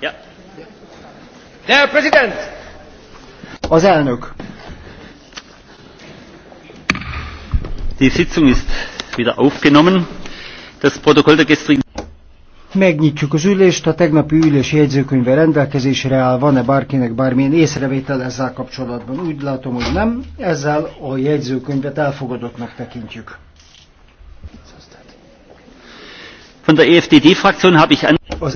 Ja. Der Präsident! Az elnök. Die Sitzung ist wieder aufgenommen. Das Protokoll der gestrigen Megnyitjuk az ülést, a tegnapi ülés jegyzőkönyve rendelkezésre áll, van-e bárkinek bármilyen észrevétel ezzel kapcsolatban? Úgy látom, hogy nem, ezzel a jegyzőkönyvet elfogadottnak tekintjük. Von der EFDD-Fraktion habe ich an